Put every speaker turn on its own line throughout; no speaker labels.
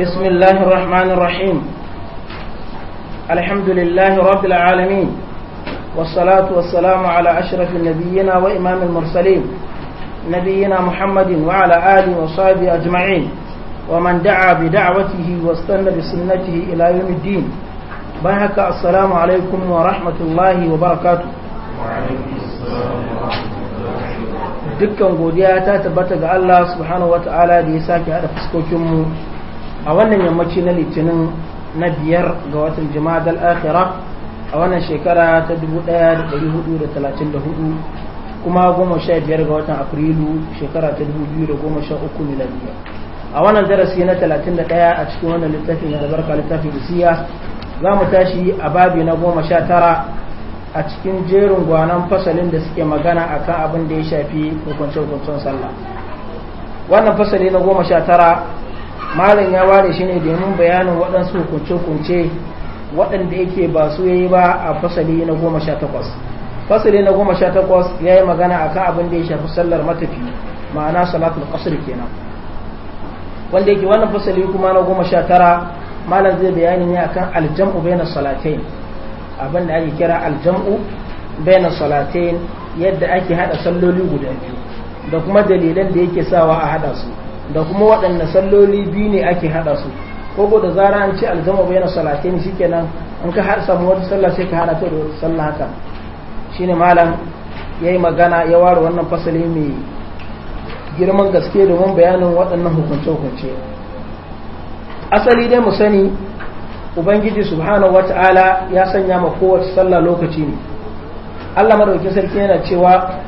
بسم الله الرحمن الرحيم الحمد لله رب العالمين والصلاة والسلام على أشرف النبيين وإمام المرسلين نبينا محمد وعلى آله وصحبه أجمعين ومن دعا بدعوته واستنى بسنته إلى يوم الدين بارك السلام عليكم ورحمة الله وبركاته وعليكم السلام
ورحمة الله
dukkan godiya ta tabbata ga Allah subhanahu da ya sake fuskokinmu a wannan yammaci na litinin na biyar ga watan jima'ad al-akhira a wannan shekara ta 1434 kuma goma sha biyar ga watan afrilu shekara ta 2013 miladiya a wannan darasi na 31 a cikin wannan littafin na albarka littafin rusiya za mu tashi a babi na goma sha tara a cikin jerin gwanon fasalin da suke magana a kan abin da ya shafi hukuncin hukuncin sallah wannan fasali na goma sha tara malam ya ware shi ne domin bayanin waɗansu kunce-kunce waɗanda yake ba su yi ba a fasali na goma sha takwas fasali na goma sha takwas ya yi magana a kan abin da ya shafi sallar matafi ma'ana salatul qasr kenan wanda yake wannan fasali kuma na goma sha tara malam zai bayani ne akan aljam'u bayna salatain abin da ake kira aljam'u bayna salatain yadda ake haɗa salloli guda biyu da kuma dalilan da yake sawa a haɗa su da kuma waɗanne salloli biyu ne ake haɗa su ko da zara an ce aljama shi ke shikenan an ka har samu wata sallah sai ka haɗa ta da wata sallah haka shine malam ya yi magana ya ware wannan fasali mai girman gaske domin bayanin waɗannan hukunce-hukunce asali dai mu sani ubangiji subhanahu wata'ala ya sanya ma kowace sallah lokaci ne Allah madaukakin sarki yana cewa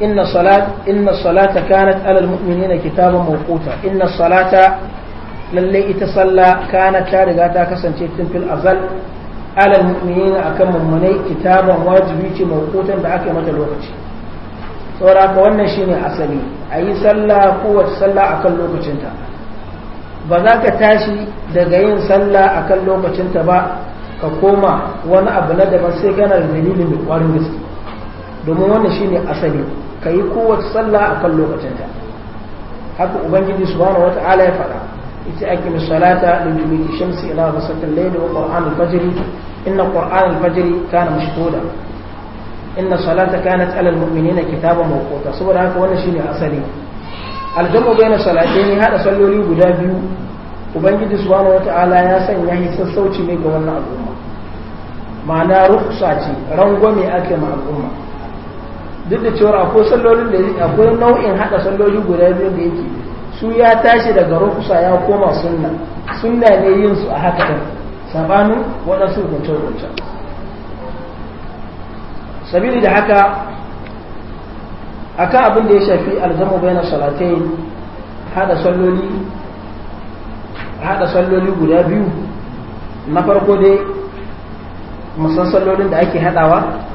inna salat inna salata kanat alal mu'minina kitaban mawquta inna salata lalle ita salla kanat ta riga ta kasance tun fil azal alal mu'minina akan mummunai kitaban wajibi ce mawqutan da aka yi mata lokaci saboda haka wannan shine asali ayi sallah kowace wata sallah akan lokacinta ba za ka tashi daga yin sallah akan lokacinta ba ka koma wani abu na daban sai kana da dalilin mai kwarin gaske domin wannan shine asali ka yi kowace sallah a kan lokacinta haka ubangiji subhanahu wa ta'ala ya faɗa ita ake salata da dubi shamsi ila masakin laili wa qur'an al-fajr inna qur'an al-fajr kana mashhuda inna salata kanat ala na muminina kitaban saboda haka wannan shine asali aljamu salate salatayn hada salloli guda biyu ubangiji subhanahu wa ta'ala ya sanya shi sassauci ne ga wannan al'umma ma'ana rukhsa ce rangwame ake ma al'umma duk da cewa akwai sallolin da akwai nau'in hada salloli guda biyu da yake su ya tashi daga rukusa ya koma sunna sunna ne yin su a haka din sabanin waɗansu hukunce-hukunce sabili da haka akan abin da ya shafi aljamu bayan salatai hada salloli hada salloli guda biyu na farko dai musan sallolin da ake haɗawa.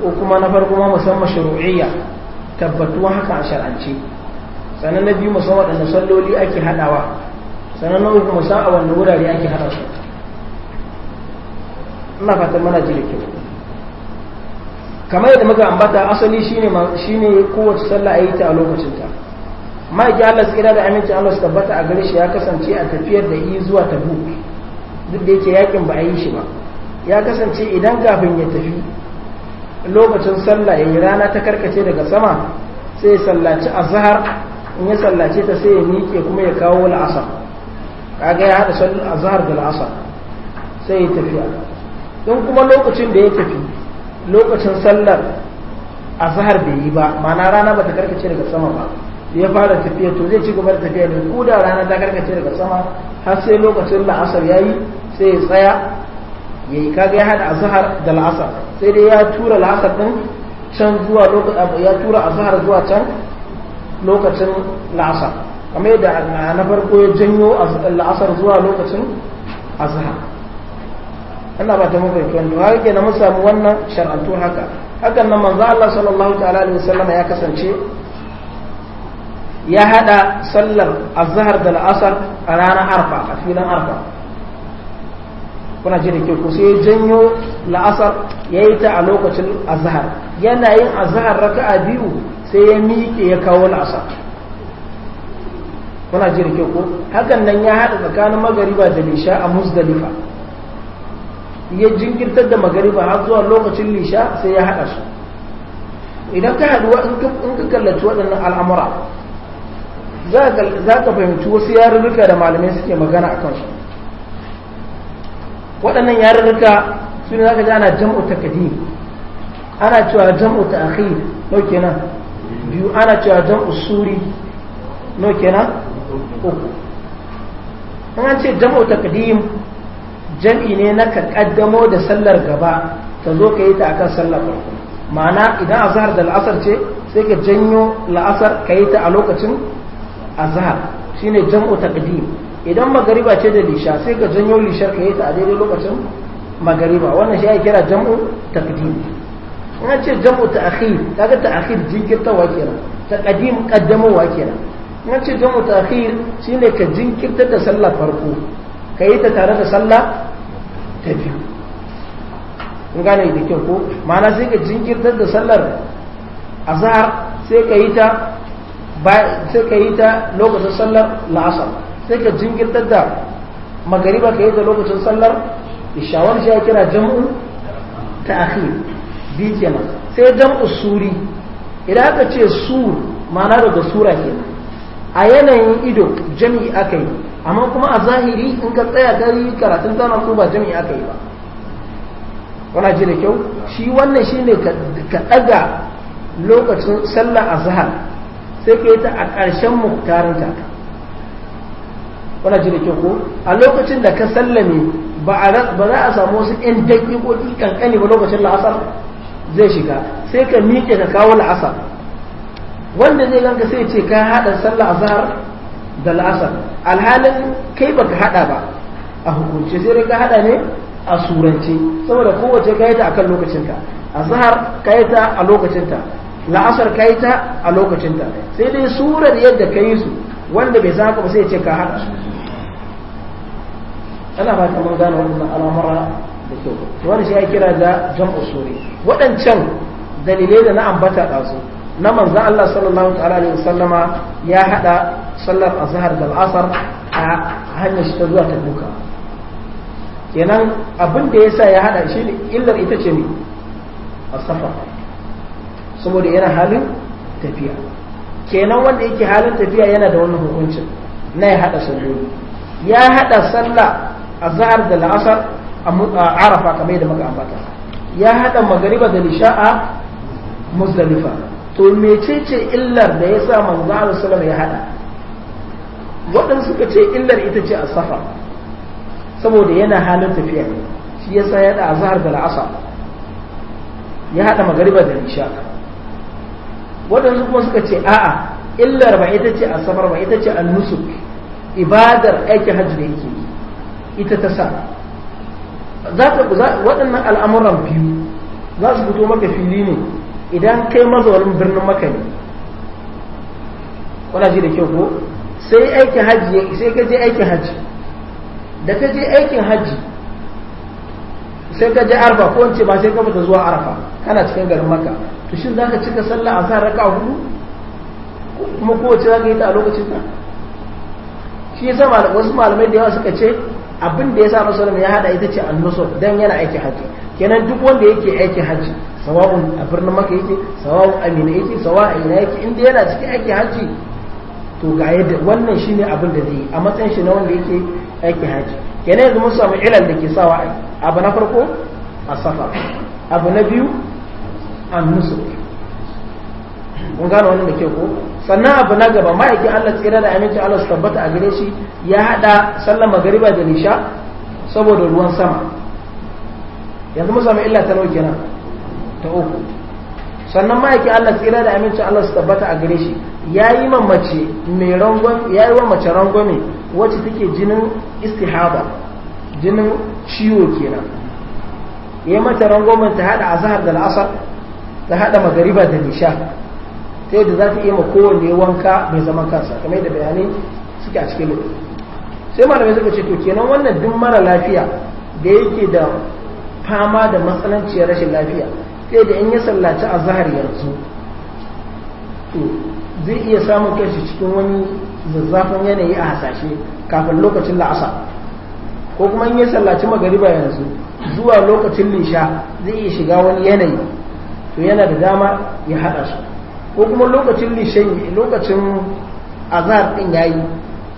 ko kuma na farko ma musamman shuru'iyya tabbatuwa haka a shar'ance sannan na biyu musamman waɗanda salloli ake haɗawa sannan na uku musamman a wanda wurare ake haɗa su ina fatan mana ji da kyau kamar yadda muka ambata asali shine shine kowace sallah ayi ta a lokacinta ma'aiki Allah tsira da aminci Allah su tabbata a gare shi ya kasance a tafiyar da yi zuwa tabu duk da yake yakin ba a yi shi ba ya kasance idan kafin ya tafi lokacin sallah yayi rana ta karkace daga sama sai sallaci azhar in ya sallace ta sai ya miƙe kuma ya kawo la'asar kaga ya haɗa sallar azhar da la'asar sai ya tafiya don kuma lokacin da ya tafi lokacin sallar azhar bai yi ba ma'ana rana ba ta karkace daga sama ba ya fara tafiya to zai ci gaba da tafiya ne ko da rana ta karkace daga sama har sai lokacin la'asar yayi sai ya tsaya yayi eh, kaga ya hada azhar da la'asar sai dai ya tura la'asar din can zuwa lokacin eh, ya tura azhar zuwa can lokacin la'asar kamar yadda na farko ya janyo la'asar zuwa lokacin azhar Allah ba ta mafi kyan duwa yake na mun samu wannan shar'antu haka hakan nan manzo Allah sallallahu ta'ala alaihi wasallam ya kasance ya hada sallar azhar da la'asar a ranar arfa a filin arfa kuna ji da ke ku sai janyo la'asar ya yi ta a lokacin azhar yana yin azhar raka'a biyu sai ya miƙe ya kawo la'asar kuna ji da ke ko hakan nan ya haɗa tsakanin magariba da lisha a musdalifa ya jinkirtar da magariba har zuwa lokacin lisha sai ya haɗa su idan ka haɗuwa in ka kallaci waɗannan al'amura za ka fahimci wasu yarurruka da malamai suke magana a kan shi. waɗannan yarurruka su ne zaka ji ana jam'u takadim ana cewa jam'u ta'khir no kenan biyu ana cewa jam'u suri no kenan uku an ce jam'u takadim jam'i ne na ka kaddamo da sallar gaba ka zo ka yi ta akan sallar farko ma'ana idan azhar da la'asar ce sai ka janyo la'asar ka yi ta a lokacin azhar shine jam'u taqdim idan magariba ce da lisha sai ka janyo lishar ka yi ta a daidai lokacin magariba wannan shi ya kira jam'u takdim in an ce jam'u ta'khir kaga ta'khir jinkirtawa kenan taqdim qaddamowa kenan in an ce jam'u ta'khir shine ka jinkirtar da sallah farko ka yi ta tare da sallah ta biyu in gane da kyau ko ma'ana sai ka jinkirtar da sallar azhar sai ka yi ta sai ka yi ta lokacin sallar la'asar sai ka jingirtar da ba ka yi da lokacin sallar ishawar shi ya kira jam'u ta akhi bi ma sai jam'u suri idan aka ce su ma'ana daga sura kenan a yanayin ido jami'i aka yi amma kuma a zahiri in ka tsaya ta yi karatun tana su ba jami'i aka yi ba wana ji da kyau shi wannan shi ne ka ɗaga lokacin sallar azhar sai ka yi ta a ƙarshen muktarin kuna ji da ke ko a lokacin da ka sallame ba za a samu wasu 'yan daƙiƙoƙi kankani ba lokacin la'asar zai shiga sai ka miƙe ka kawo la'asar wanda zai ganka sai ce ka haɗa sallah azhar da la'asar alhalin kai baka haɗa ba a hukunce sai ka haɗa ne a surance saboda kowace ka yi ta akan lokacinta azhar ka yi ta a lokacinta la'asar ka yi ta a lokacinta sai dai surar yadda ka yi su wanda bai san haka ba sai ce ka haɗa su ana ba mun gane wannan al'amura da kyau wani shi ya kira da jan usuri waɗancan dalilai da na ambata ɗazu na manzo Allah sallallahu alaihi wasallama ya hada sallar azhar da al'asar a hanyar shi ta zuwa ta duka kenan abin da yasa ya hada shi ne illar ita ce ne a asafa saboda yana halin tafiya kenan wanda yake halin tafiya yana da wannan hukuncin na ya hada salloli ya hada sallah azhar da la'asar a arafa kamar yadda muka ambata ya hada magariba da nisha'a muzdalifa to mecece illar da ya sa manzo Allah sallallahu ya hada waɗansu suka ce illar ita ce a safa saboda yana halin tafiya shi yasa ya hada azhar da la'asar ya hada magariba da nisha'a waɗansu kuma suka ce a'a illar ba ita ce a safar ba ita ce an nusuk ibadar aikin hajji da yake ita ta sa waɗannan al'amuran biyu za su fito maka fili ne idan kai mazaunin birnin maka ne kuna ji da kyau ko sai aikin hajji sai ka je aikin hajji da ka je aikin hajji sai ka je arfa ko wance ba sai ka fita zuwa arfa kana cikin garin maka to shin za ka cika sallah a sa raka hudu kuma kowace za ka yi ta a lokacin nan shi yasa wasu malamai da yawa suka ce abin da ya sa musulmi ya hada ita ce annusur dan yana aiki haji kenan duk wanda yake aiki haji sawa'un a birnin maka yake sawa'un amina yake sawa'a ina yake inda yana cikin aiki haji to ga yadda wannan shine abin da zai yi a matsayin shi na wanda yake aiki haji kenan yanzu mun samu ilal da ke sawa abu na farko a safa abu na biyu an nusur kun gane wannan da ke ko sannan abu na gaba ma'aikin Allah tsira da aminci Allah su tabbata a gare shi ya haɗa sallar magariba da nisha saboda ruwan sama yanzu musamma illa ta nauke nan ta uku sannan ma'aikin Allah tsira da aminci Allah su tabbata a gare shi ya yi mamace mai rangon ya yi wa mace rangwame wacce take jinin istihaba jinin ciwo kenan ya mata rangwamen ta haɗa azhar da al'asar ta haɗa magariba da nisha ta yadda za ta iya ma kowanne wanka mai zaman kansa kamar yadda bayanai suke a cikin lokaci sai malamai suka ce to kenan wannan duk mara lafiya da yake da fama da matsananciyar rashin lafiya sai da in ya sallaci a zahar yanzu to zai iya samun kanshi cikin wani zazzafin yanayi a hasashe kafin lokacin la'asa ko kuma in ya sallaci magariba yanzu zuwa lokacin lisha zai iya shiga wani yanayi to yana da dama ya haɗa su ko kuma lokacin lishayi lokacin azhar din yayi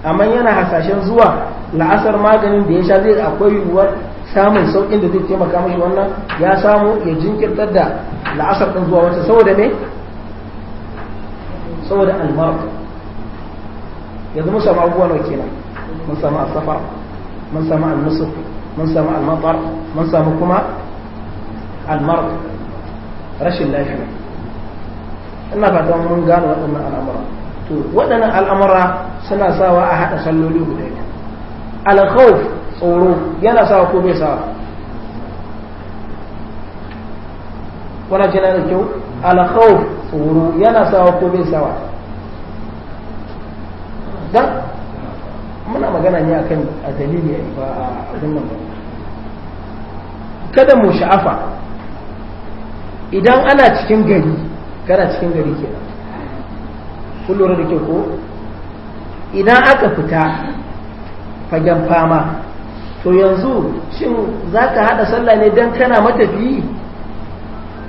amma yana hasashen zuwa la'asar maganin da ya sha zai akwai yiwuwar samun saukin da zai taimaka mashi wannan ya samu ya jinkirtar da la'asar din zuwa wata saboda me saboda almarq yanzu mun samu abubuwa nawa kenan mun samu Asafa mun samu al-nusuf mun samu al mun samu kuma almarq rashin lafiya ina fatan mun gane waɗannan al'amura to waɗannan al'amura suna sawa a haɗa salloli guda biyu alkhawf tsoro yana sawa ko bai sawa wannan jina da kyau alkhawf tsoro yana sawa ko bai sawa dan muna magana ne akan a dalili a abin nan ba kada mu sha'afa idan ana cikin gari kana cikin gari ke kun lura da ke ko idan aka fita fagen fama to yanzu shin za ka haɗa sallah ne don kana matafiyi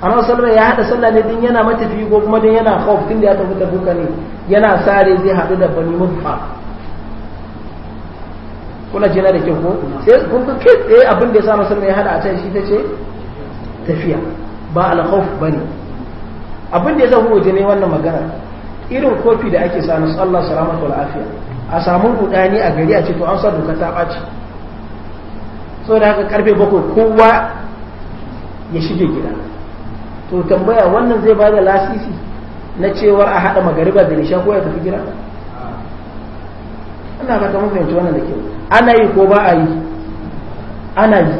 nan sallah ya haɗa sallah ne din yana matafi ko kuma din yana khauf tun da ya tafi tafuka ne yana sare zai haɗu da bani mutfa kuna jina da kyau ko sai kun ga kai tsaye abin da ya sa masalma ya hada a can shi ta ce tafiya ba al ba ne. abin da ya zama waje ne wannan magana irin kofi da ake samu sallah salamat wal afiya a samun rudani a gari a ce to an sa doka ta ɓaci da haka karfe bakwai kowa ya shige gida to tambaya wannan zai bada lasisi na cewar a haɗa magariba da nisha ko ya tafi gida ana fata mun fahimci wannan da ke. ana yi ko ba a yi ana yi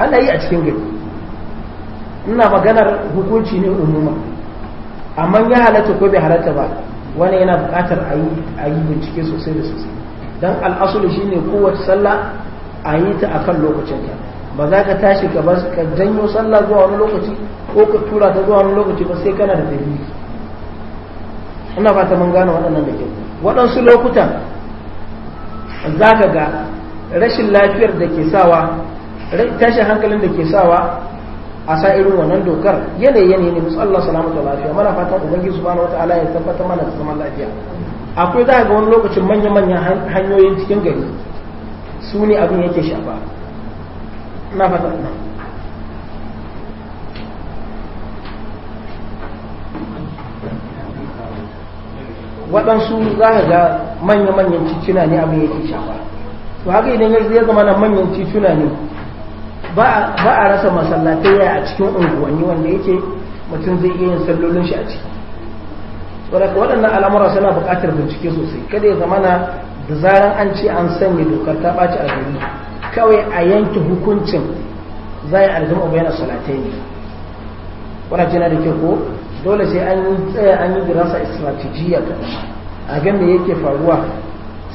ana yi a cikin gari ina maganar hukunci ne umuma amma ya halatta ko bai halatta ba wani yana buƙatar a yi bincike sosai da sosai don al'asulu ne kowace sallah a yi ta akan lokacinta ba za ka tashi ka ba ka janyo sallah zuwa wani lokaci ko ka tura ta zuwa wani lokaci ba sai kana da dalili ina fata mun gane waɗannan da ke waɗansu lokutan za ka ga rashin lafiyar da ke sawa tashin hankalin da ke sawa a sa irin wannan dokar yanayi yanayi ne musu Allah salamu ta lafiya mana fatan ubangiji wata ala ya tabbatar mana da zaman lafiya akwai za ga wani lokacin manya-manyan hanyoyin cikin gari su ne abin yake shafa na fatan nan
waɗansu za ka ga
manya-manyan cikina ne abin yake shafa to haka idan ya zama na manyan cikina ne ba a rasa masallatai a cikin unguwanni wanda yake mutum zai iya yin sallolin shi a ciki waɗannan al'amura suna buƙatar bincike sosai kada ya zamana da zaran an ce an sanya dokar ta ɓaci a gari kawai a yanke hukuncin za a aljama bayan salatai ne wani jina da ke ko dole sai an yi tsaya an yi dirasa istratijiyya ta a ga me yake faruwa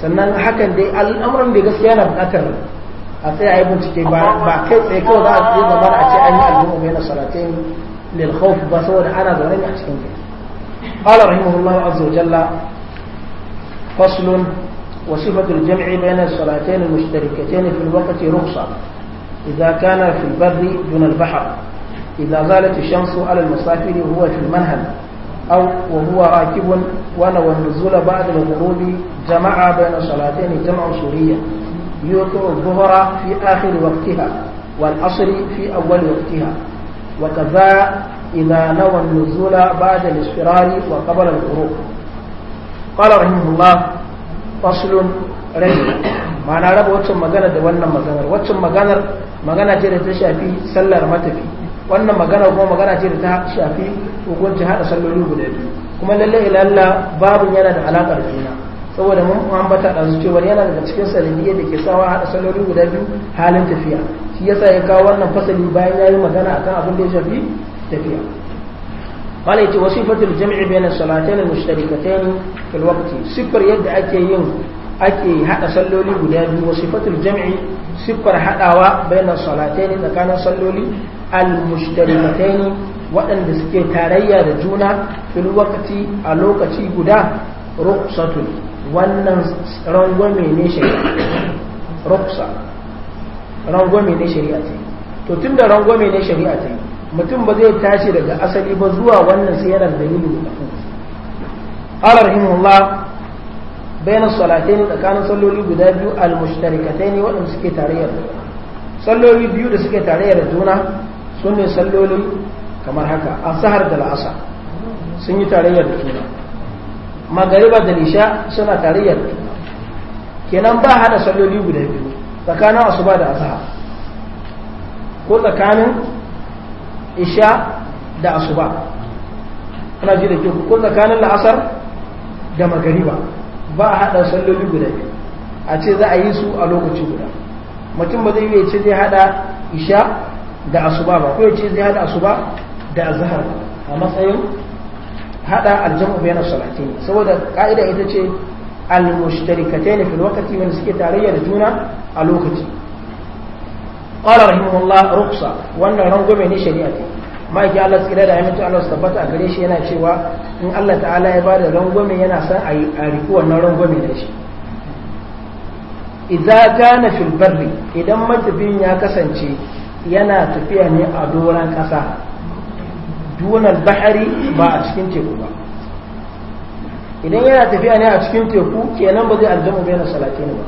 sannan hakan dai al'amuran da gaskiya yana buƙatar قال رحمه الله عز وجل فصل وصفة الجمع بين الصلاتين المشتركتين في الوقت رخصة إذا كان في البر دون البحر إذا زالت الشمس على المسافر وهو في المنهل أو وهو راكب ونوى النزول بعد الغروب جمع بين صلاتين جمع سوريا يوقع الظهر في آخر وقتها والعصر في أول وقتها وكذا إذا نوى النزول بعد الاصفرار وقبل الغروب قال رحمه الله فصل رجل ma'ana raba waccan magana da wannan maganar waccan maganar magana ce da ta shafi sallar matafi wannan magana kuma magana ce da ta shafi hukunci hada salloli guda biyu kuma lalle babu yana da alakar juna saboda mun ambata da su cewa yana daga cikin salimiyya da ke sawa a saloli guda biyu halin tafiya shi yasa ya kawo wannan fasali bayan ya yi magana akan abin da ya shafi tafiya wala ya ce wasu fatil jami'i bayan salatai na mushtarikatai ne filwakti siffar yadda ake yin ake haɗa saloli guda biyu wasu fatil jami'i siffar haɗawa bayan salatai ne tsakanin salloli al-mushtarikatai ne waɗanda suke tarayya da juna filwakti a lokaci guda rukusatul wannan rangwame ne shari'a rangwame ne shari'a yi, to tun da rangwame ne shari'a yi mutum ba zai tashi daga asali ba zuwa wannan sai yana da dalilin da kafu qala rahimahullah bayna ne tsakanin salloli guda biyu al ne waɗanda suke tarayyar salloli biyu da suke tarayyar juna sun ne salloli kamar haka asahar da la'asa sun yi tarayyar da juna magariba da nisha suna tarayya kenan ba hada salloli guda biyu tsakanin asuba da azhar ko tsakanin isha da asuba ana ji da kyau ko tsakanin la'asar da magariba ba a hada salloli guda biyu a ce za a yi su a lokaci guda mutum ba zai iya ce zai hada isha da asuba ba ko ya ce zai hada asuba da azhar a matsayin hada aljamu bayan salatin saboda ka'ida ita ce al-mushtarikatayn fil waqti wanda suke tarayya da juna a lokaci qala rahimahullah ruqsa wannan rangwame ne shari'a ce ma'aiki Allah tsira da aminci Allah su tabbata a gare shi yana cewa in Allah ta'ala ya bada rangwame yana son a riki wannan rangwame da shi idza kana fil barri idan matafin ya kasance yana tafiya ne a doran kasa Dunar bahari ba a cikin teku ba idan yana tafiya ne a cikin teku kenan ba zai aljamu bai na ne ba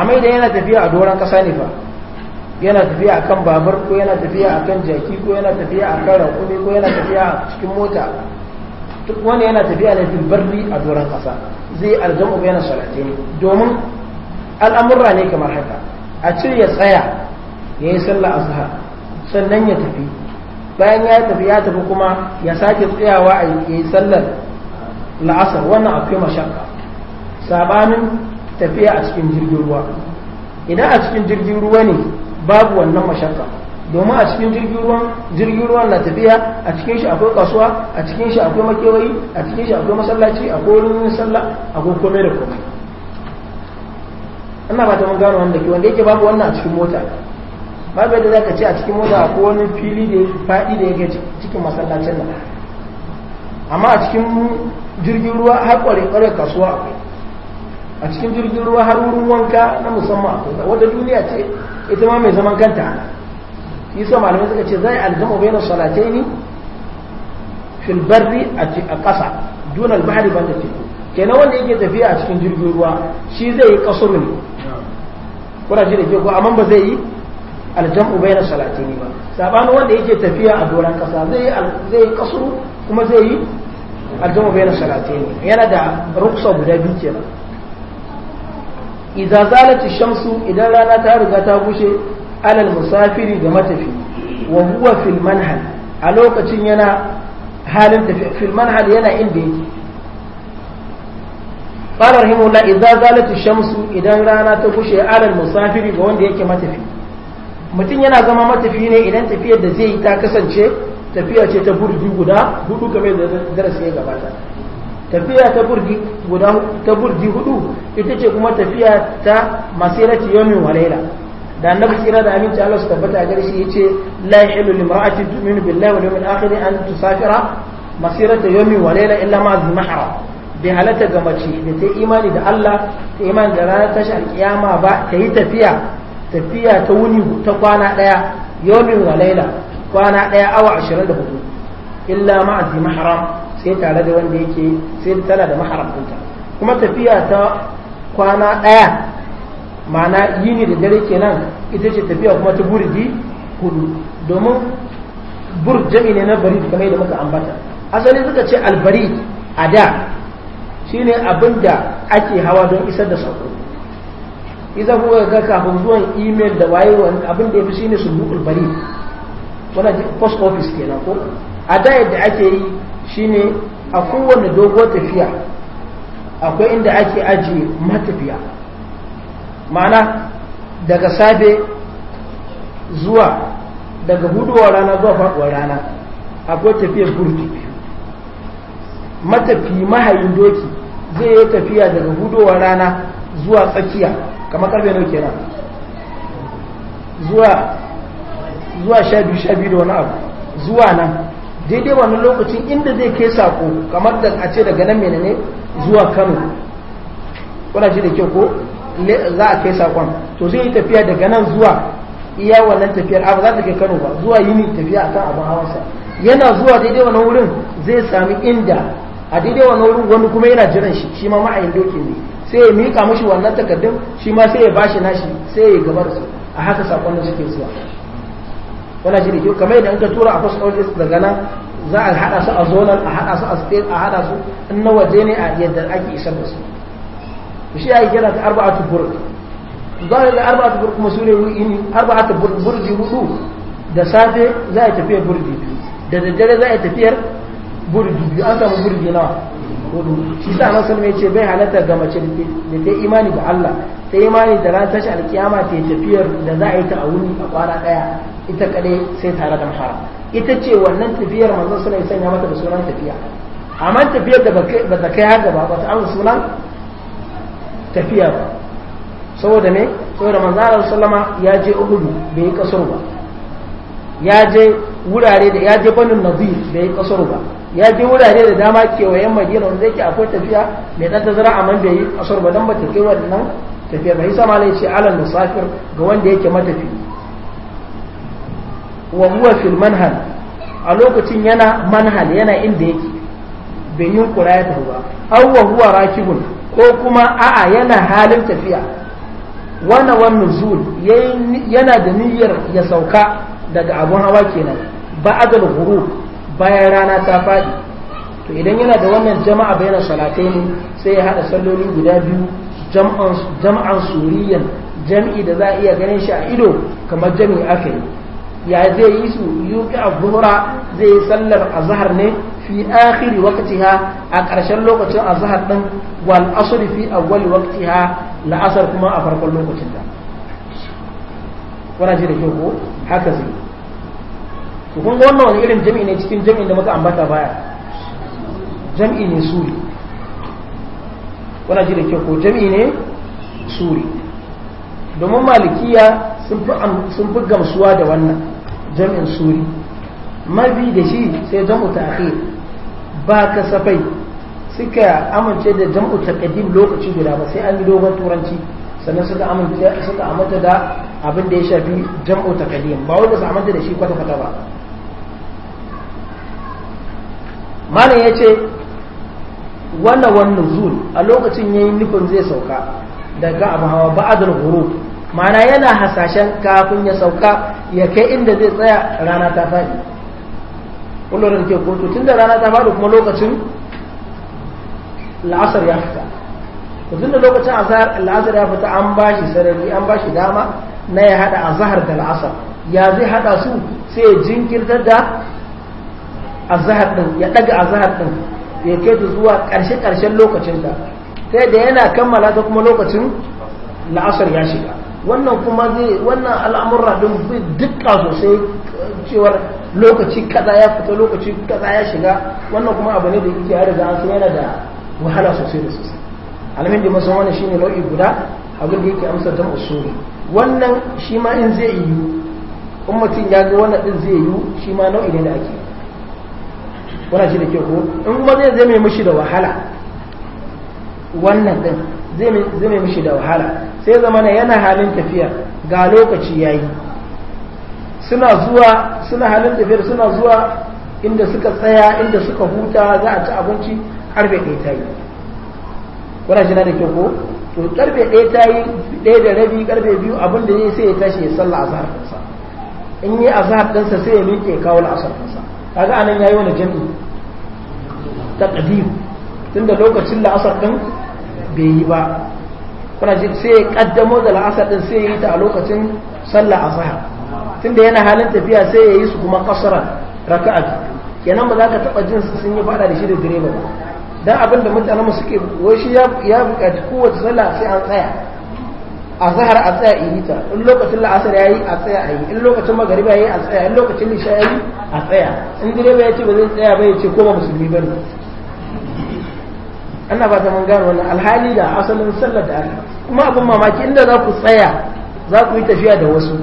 amma idan yana tafiya a doron ƙasa ne fa yana tafiya akan babar, ko yana tafiya akan jaki ko yana tafiya akan rakumi ko yana tafiya a cikin mota duk wani yana tafiya ne fil barri a doron ƙasa zai aljamu bai na ne domin al'amurra ne kamar haka a cire ya tsaya ya yi sallah azhar sannan ya tafi bayan ya tafi ya tafi kuma ya sake tsayawa a yi sallar la'asar wannan akwai mashaka sabanin tafiya a cikin jirgin ruwa idan a cikin jirgin ruwa ne babu wannan mashaka domin a cikin jirgin ruwan na tafiya a cikin shi akwai kasuwa a cikin shi akwai makewayi a cikin shi akwai masallaci ko wurin sallah akwai komai da komai ina ba ta mun gano wanda ke wanda yake babu wannan a cikin mota babu yadda zaka ce a cikin mota ko wani fili da yake faɗi da yake cikin masallacin nan amma a cikin jirgin ruwa har kware kware kasuwa akwai a cikin jirgin ruwa har wurin wanka na musamman akwai wata duniya ce ita ma mai zaman kanta yasa malamai suka ce zai aljamu bayna salataini fil barri a ƙasa dun al bahri ban da teku kenan wanda yake tafiya a cikin jirgin ruwa shi zai yi kasuru ne kuna ji da ke ko amma ba zai yi aljam'u bai na salatini ba sabanin wanda yake tafiya a doran kasa zai yi kasu kuma zai yi aljam'u bai na salatini yana da ruksa guda biyu kenan idza zalati shamsu idan rana ta riga ta gushe alal musafiri ga matafi wa huwa fil manhal a lokacin yana halin tafiya fil manhal yana inda yake قال رحمه الله إذا زالت الشمس إذا رانا تكشي على المسافر ga wanda ما matafi. mutum yana zama matafi ne idan tafiyar da zai yi ta kasance tafiya ce ta burgi guda hudu game da darasi ya gabata tafiya ta burgi guda ta burgi hudu ita ce kuma tafiya ta masirati yawmin walaila da annabi kira da aminci Allah su tabbata a gare yace la yahillu limra'atin tu'minu billahi wal yawmil akhir an tusafira masirata yawmin walaila illa ma mahram bai halatta ga mace da ta imani da Allah ta imani da ranar tashi alkiyama ba ta yi tafiya tafiya ta wuni ta kwana ɗaya yomin wa laila kwana ɗaya awa ashirin da hudu illa ma'azi maharam sai tare da wanda yake sai tana da maharam ɗinta kuma tafiya ta kwana ɗaya ma'ana yini da dare kenan ita ce tafiya kuma ta burji hudu domin bur jami ne na barid kamar da muka ambata asali suka ce albarid a da shine abin da ake hawa don isar da saƙo idan kuma ga kafin zuwan email da waye abin da ya fi shine sulhul bari wala post office kenan ko a da yadda ake yi shine a kowane dogon tafiya akwai inda ake ajiye matafiya ma'ana daga safe zuwa daga hudowar rana zuwa faɗuwar rana akwai tafiyar burki matafi mahayin doki zai yi tafiya daga huduwa rana zuwa tsakiya kamar karfe nau kenan zuwa zuwa sha biyu sha biyu da wani abu zuwa nan daidai wani lokacin inda zai kai sako kamar da a ce daga nan menene zuwa kano kuna ce da kyau ko za a kai sakon to zai yi tafiya daga nan zuwa iya wannan tafiyar abu za ta kai kano ba zuwa yi ni tafiya akan abin hawansa yana zuwa daidai wani wurin zai sami inda a daidai wani wurin wani kuma yana jiran shi shi ma ma'ayin doki ne sai ya mika mashi wannan takardun shi ma sai ya bashi nashi sai ya gabar su a haka da suke zuwa wannan shi da kyau kamar yadda ka tura a post office daga nan za a hada su a zonal a hada su a state a hada su in na waje ne a yadda ake isar da su shi ya yi kira ta arba'atu burj za a ga arba'atu burj kuma sune ru'ini arba'atu burji hudu da safe za a tafiya burji biyu da daddare za a tafiyar burji biyu an samu burji nawa hudu shi sa nan sun ce bai halatta ga mace da ta imani ga Allah ta imani da ran tashi alkiyama ta tafiyar da za a yi ta a wuni a kwana daya ita kadai sai tare da mahara ita ce wannan tafiyar manzon suna yi sanya mata da sunan tafiya amma tafiyar da ba ta kai haka ba ba ta amsa sunan tafiya ba saboda ne saboda manzon Allah sallama ya je Uhud bai yi kasar ba ya je wurare da ya je banin nazir bai yi kasar ba ya je wurare da dama kewayen madina wanda yake akwai tafiya mai ɗan tazara a man bai asar ba don ba ta kai wannan tafiya ba sama ne ce alal musafir ga wanda yake matafi wa huwa fil manhal a lokacin yana manhal yana inda yake bai yi kura ya tafi ba aw wa huwa rakibun ko kuma a'a yana halin tafiya wannan wan nuzul yana da niyyar ya sauka daga abun hawa kenan ba'adal ghurub bayan rana ta faɗi to idan yana da wannan jama'a bayan salatai ne sai ya haɗa salloli guda biyu jam'an suriyan jam'i da za a iya ganin shi a ido kamar jam'i aka yi ya zai yi su yuki a zai yi sallar azhar ne fi akhiri waqtiha a ƙarshen lokacin azhar din wal asr fi awwal waqtiha la asr kuma a farkon lokacin da wannan ji da kyau ko haka zai to kun ga wannan wani irin jami'i ne cikin jami'in da muka ambata baya jami'i ne suri wannan ji da kyau ko jami'i ne suri domin malikiya sun fi gamsuwa da wannan jami'in suri mabi da shi sai jam'u ta'khir ba safai suka amince da jam'u kadim lokaci guda ba sai an yi dogon turanci sannan suka amince suka amince da abin da ya shafi jam'u taqdim ba wanda su amince da shi kwata kwata ba malam ya ce wanda wannan zuwa a lokacin ya yi nufin zai sauka daga abu hawa ba'adar huru mana yana hasashen kafin ya sauka ya kai inda zai tsaya rana ta faɗi kullum ke kotu tun da rana ta faɗi kuma lokacin la'asar ya fita tun da lokacin la'asar ya fita an ba shi sarari an ba shi dama na ya haɗa a zahar da la'asar ya zai haɗa su sai jinkirtar da azhar din ya daga azhar din ya kai ta zuwa karshe karshen lokacin da sai da yana kammala ta kuma lokacin la'asar ya shiga wannan kuma zai wannan al'amurra din zai dukka sosai cewar lokaci kaza ya fita lokaci kaza ya shiga wannan kuma abu ne da yake ya riga an san yana da wahala sosai da sosai alamin da masan wannan shine nau'i guda abin da yake amsa dan usuli wannan shi ma in zai yi in mutum ya ga wannan din zai yi shi ma nau'i ne da ake kuna shi da ke ko in kuma zai zai mai mushi da wahala wannan din zai mai mushi da wahala sai na yana halin tafiya ga lokaci ya yi suna zuwa suna halin tafiyar suna zuwa inda suka tsaya inda suka huta za a ci abinci karfe ɗaya ta yi kuna shi da ke ko to karfe ɗaya ta yi ɗaya da rabi karfe biyu abin da ya sai ya tashi ya sallah azhar ɗinsa in yi azhar ɗinsa sai ya miƙe kawo la'asar ɗinsa kaga anan yayi wani jami'i taqdim tunda lokacin la'asar din bai yi ba kuna ji sai kaddamo da la'asar din sai ya yi ta a lokacin sallah azhar tunda yana halin tafiya sai ya yi su kuma kasaran raka'a kenan ba za ka taba jin su sun yi fada da shi da direba dan abin da mutanen mu suke wai shi ya bukaci kowace sallah sai an tsaya a zahar a tsaya in yi in lokacin la'asar ya yi a tsaya a yi in lokacin magariba ya yi a tsaya in lokacin lisha ya yi a tsaya in direba ya ce ba zai tsaya ba ya ce ko ba musulmi ba ne ana ba ta man gano wannan alhali da asalin sallar da ala kuma abin mamaki inda za ku tsaya za ku yi tafiya da wasu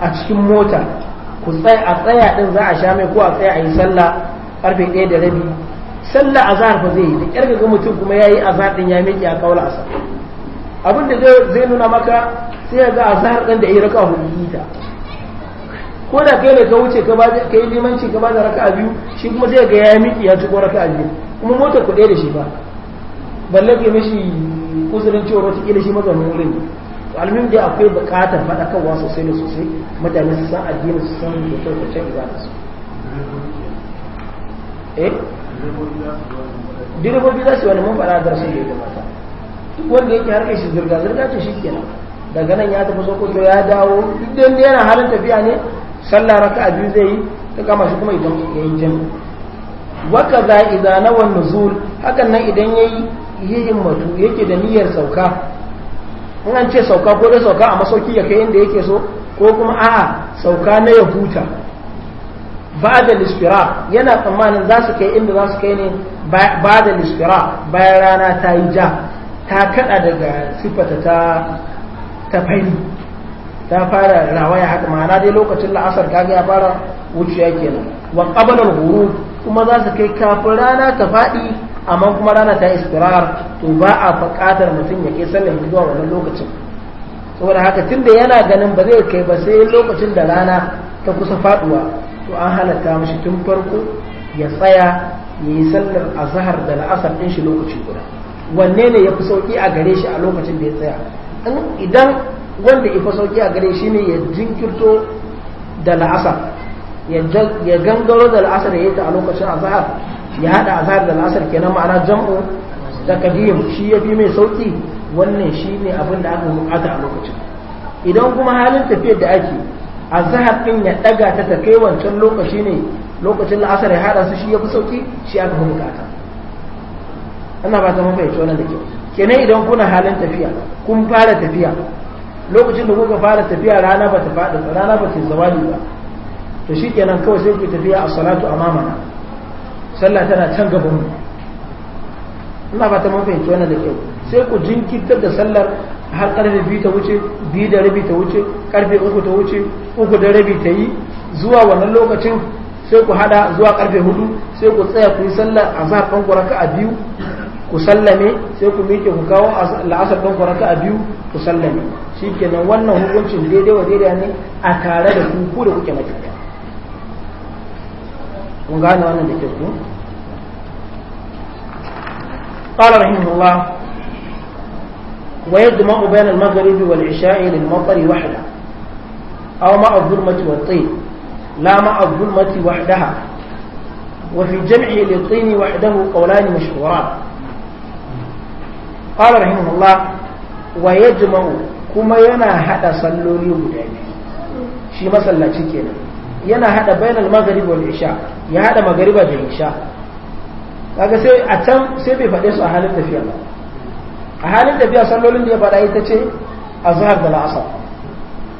a cikin mota ku tsaya a tsaya din za a sha mai ko a tsaya a yi sallah karfe ɗaya da rabi sallah zahar ba zai yi da ƙyar ga mutum kuma ya yi a din ya miƙe a kaula asar abin da zai nuna maka sai ga zahar ɗan da yi raka hudu ta ko da kai ne ka wuce ka ka yi limanci ka ba da raka biyu shi kuma sai ga ya miki ya tuko raka biyu kuma motar ku da shi ba balle ke mishi kusurin cewa wata kila shi mazamin wurin almin dai akwai bukatar faɗakarwa sosai da sosai mutane su san addini su san da kyau kwacce da za su
eh direbobi
za su wani mun faɗa da rashin da ya gabata wanda yake harkar shi zirga zirga ce shi kenan daga nan ya tafi sokoto ya dawo duk da yana halin tafiya ne sallah raka'a biyu zai yi ta kama shi kuma idan ya yi jami waka za na wani nuzul hakan nan idan yayi yayin matu yake da niyyar sauka in an ce sauka ko da sauka a masauki ya kai inda yake so ko kuma a'a sauka na ya huta ba da lisfira yana tsammanin za su kai inda za su kai ne da lisfira bayan rana ta yi ja ta kada daga sifata ta ta fari ta fara rawaya haka ma'ana dai lokacin la'asar kaga ya fara wuciya kenan wa qabla al-ghurub kuma za su kai kafin rana ta faɗi amma kuma rana ta istirar to ba a buƙatar mutum ya kai sallar zuwa wannan lokacin saboda haka tunda yana ganin ba zai kai ba sai lokacin da rana ta kusa faduwa to an halatta mashi tun farko ya tsaya ya yi sallar azhar da la'asar ɗin shi lokaci guda wanne ne ya fi sauki a gare shi a lokacin da ya tsaya idan wanda ya fi sauki a gare shi ne ya jinkirto da la'asar ya gangaro da la'asar ya yi ta a lokacin azahar ya haɗa azahar da la'asar kenan ma'ana jam'u da kadim shi ya fi mai sauki wannan shi ne abin da aka bukata a lokacin idan kuma halin tafiyar da ake azahar ɗin ya ɗaga ta ta kai wancan lokaci ne lokacin la'asar ya haɗa su shi ya fi sauki shi aka bukata Allah ba ta mafi wannan da kyau kenan idan kuna halin tafiya kun fara tafiya lokacin da kuka fara tafiya rana ba ta faɗi rana ba ta zawali ba to shi kenan kawai sai ku tafiya a salatu a mamana sallah tana can gaban mu ina ba ta mafi wannan da kyau sai ku jinkirtar da sallar har karfe biyu ta wuce biyu da rabi ta wuce karfe uku ta wuce uku da rabi ta yi zuwa wannan lokacin sai ku hada zuwa karfe hudu sai ku tsaya ku yi sallar a zaɓen ku raka a biyu ku sallame sai ku miƙe ku kawo la'asar ɗan kwaraka a biyu ku sallame shi kenan wannan hukuncin daidai wa daidai ne a tare da ku da kuke makiya kun gane wannan da ke ku قال رحمه الله ويجمع بين المغرب والعشاء للمطر وحده أو مع الظلمة والطين لا مع الظلمة وحدها وفي جمعه للطين وحده قولان مشهوران قال رحمه wa ويجمع kuma yana hada salloli guda biyu shi masallaci kenan yana hada المغرب والعشاء يا حدا ya hada magriba da isha kaga sai a can sai bai faɗe su a halin tafiya ba a halin tafiya sallolin da ya faɗa ita ce zahar da la'asar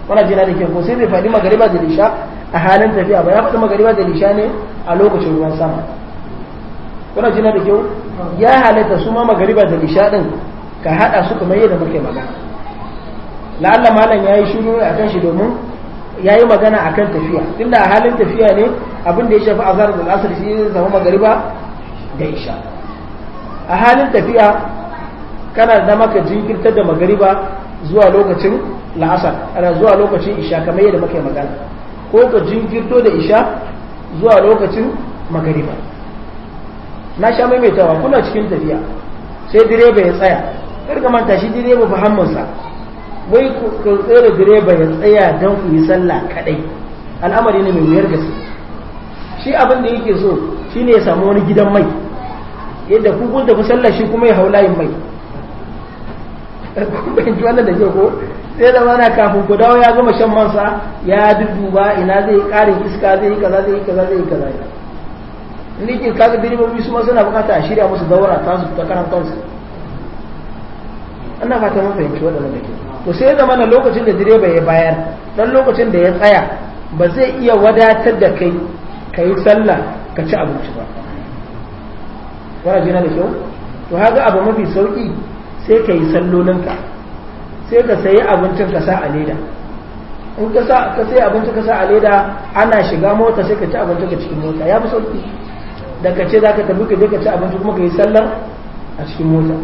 wannan jina da ke ko sai bai faɗi magriba da isha a halin tafiya ba ya faɗi magariba da lisha ne a lokacin ruwan sama kuna jina da kyau ya halitta su ma magariba da nishaɗin ka hada su kamar yadda muke magana la'alla malam yayi shiru a kan shi domin yayi magana akan tafiya tunda a halin tafiya ne abin da ya shafi azhar da asr shi ne zama magariba da isha a halin tafiya kana da maka jinkirtar da magariba zuwa lokacin la'asar ana zuwa lokacin isha kamar yadda muke magana ko ka jinkirto da isha zuwa lokacin magariba na sha maimaitawa kuna cikin tafiya sai direba ya tsaya kar ka manta shi direba fa hammansa wai ku tsere direba ya tsaya don ku yi sallah kadai al'amari ne mai wuyar gaske shi abin da yake so shi ne ya samu wani gidan mai yadda ku kun tafi sallah shi kuma ya hau layin mai fahimci wannan da ko sai da mana kafin ku dawo ya gama shan mansa ya dudduba ina zai karin iska zai yi kaza zai yi kaza zai yi kaza ni ke kaga babu su ma suna bukata a shirya musu daura ta su ta karan kansu ana fata mun fahimci wannan da ke to sai zama na lokacin da direba ya bayar dan lokacin da ya tsaya ba zai iya wadatar da kai ka yi sallah ka ci abinci ba wani jina da kyau to haka abu mafi sauki sai ka yi sallolinka sai ka sayi abincin ka sa a leda in ka sai abincin ka sa a leda ana shiga mota sai ka ci abincin ka cikin mota ya fi sauki da ka ce za ka tafi ka je ka ci abinci kuma ka yi sallar a cikin mota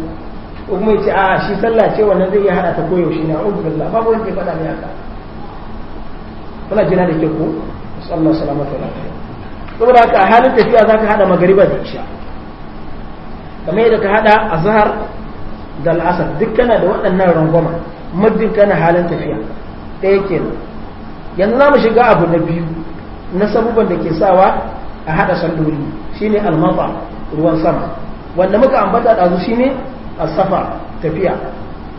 ko kuma ya ce a shi sallah ce wannan zai iya hada ta koyaushe ne a ubudulla babu wanda ya faɗa ne haka kuna jina da ke ko sallar salamatu wa lafiya saboda haka a halin tafiya za ka hada magariba da isha kamar yadda ka hada azhar da al'asar duk kana da waɗannan rangwama muddin kana halin tafiya ɗaya ke yanzu za mu shiga abu na biyu na sabuban da ke sawa a hada salloli shine almafa ruwan sama wanda muka ambata ɗazu shine asafa tafiya